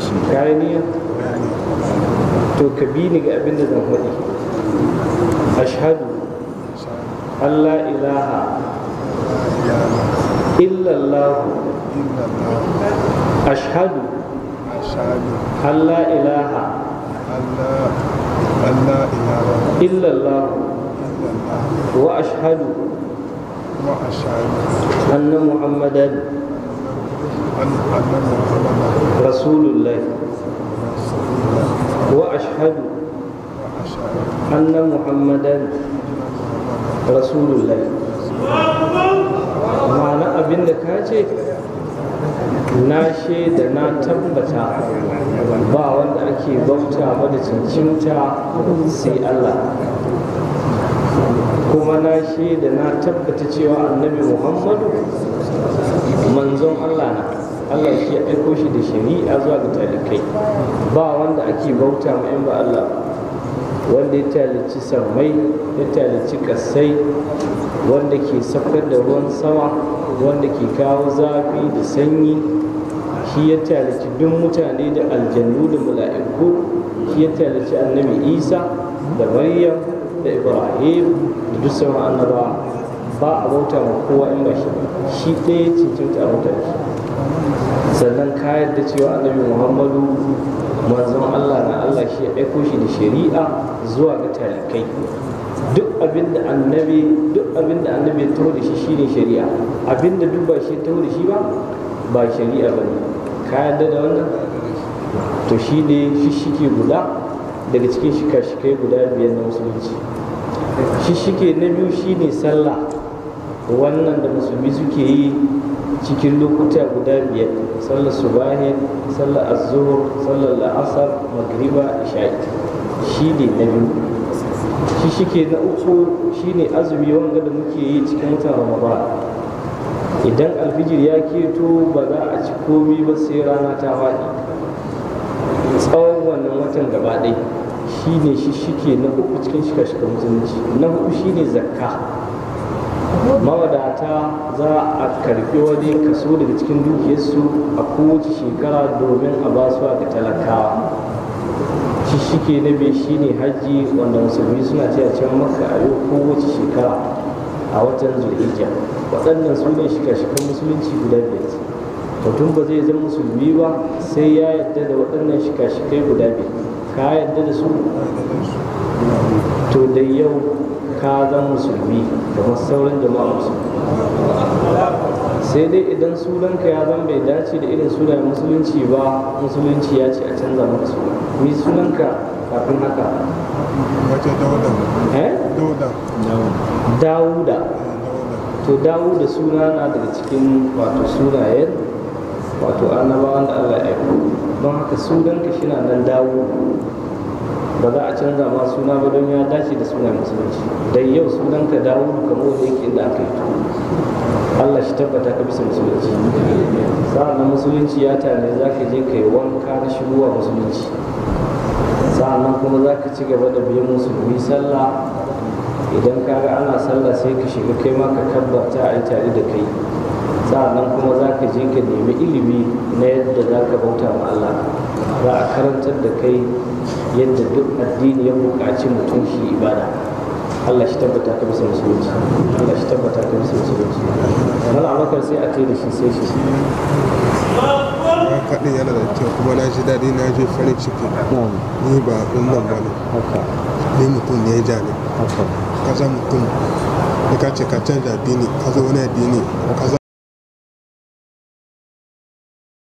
cikin shi ka yi niyya to ka bi ni ga abin da zan faɗi ashhadu Allah ilaha illallah ashhadu Allah ilaha illallah wa ashhadu أن muhammadan رسول أشهد أن محمدا رسول الله ma'ana abin ka ce na shaida na tabbata ba wanda ake bauta ba da cincinta sai Allah kuma na shaida na tabbata cewa annabi muhammadu manzon Allah na Allah shi ya aiko shi da shari'a zuwa ga talikai ba wanda ake bauta ma in ba Allah wanda ya talici sammai ya talici kasai wanda ke saukar da ruwan sama wanda ke kawo zafi da sanyi shi ya talici duk mutane da aljannu da mala'iku shi ya talici annabi isa da maryam da ibrahim da duk sauran annabawa ba a bauta ma kowa in ba shi shi ɗaya cancanta a mutane sannan ka yadda cewa annabi muhammadu manzon allah na allah shi ya aiko shi da shari'a zuwa ga talikai duk abin da annabi duk abin da annabi ya da shi shine shari'a abin da duk ba shi ya da shi ba ba shari'a ba ne ka yadda da wannan to shi ne shishike guda daga cikin shika-shikai guda biyar na musulunci shishike na biyu shine sallah wannan da musulmi suke yi cikin lokuta guda biyar sallar subahin sallar azzuhur sallar la'asar magriba isha'i shi ne na biyu shi ke na uku shi ne azumi wanga da muke yi cikin watan ramadan idan alfijir ya keto ba za a ci komi ba sai rana ta faɗi tsawon wannan watan gaba ɗaya shi ne shi ke na uku cikin shika-shikan mutunci, na hudu shi ne zakka mawadata za a karfi wani kaso daga cikin dukiyarsu a kowace shekara domin a basu ga talakawa shi shike na biyu shine hajji wanda musulmi suna ce a can maka a yau kowace shekara a watan zulhijja waɗannan su ne shika-shikan musulunci guda biyar mutum ba zai zama musulmi ba sai ya yadda da waɗannan shika-shikai guda biyar ka yadda da su to da yau ka zan musulmi kamar sauran jama'a musulmi sai dai idan sunanka ya zama bai dace da irin sunayen musulunci ba musulunci ya ce a canza musu. suna mi sunanka kafin haka wace dauda eh? dauda eh, dauda to dauda suna na daga cikin wato sunayen wato annabawan da Allah ya yi don haka sunanka shi na nan dauda ba za a canza ma suna ba don ya dace da sunan musulunci da yau sunanka dawo kamar wanda yake inda aka yi Allah shi tabbata ka bisa musulunci nan musulunci ya tare za ka je ka yi wanka na shigowa musulunci nan kuma za ka ci gaba da biyan musulmi sallah idan ka ga ana sallah sai ka shiga kai ma ka kabbarta a yi tare da kai sa'annan kuma za ka je ka nemi ilimi na yadda za ka bauta ma Allah za a karantar da kai yadda duk addini ya buƙaci mutum shi ibada Allah shi tabbata ka bisa musulunci Allah shi tabbata ka bisa musulunci mala abakar sai a kai da shi sai shi kaɗin yana da kyau kuma na ji daɗi na ji farin ciki ni ba ɗin nan ba ne ni mutum ne ya ja ne kaza mukunu ne ka cɛ ka ca da dini ka zo wani dini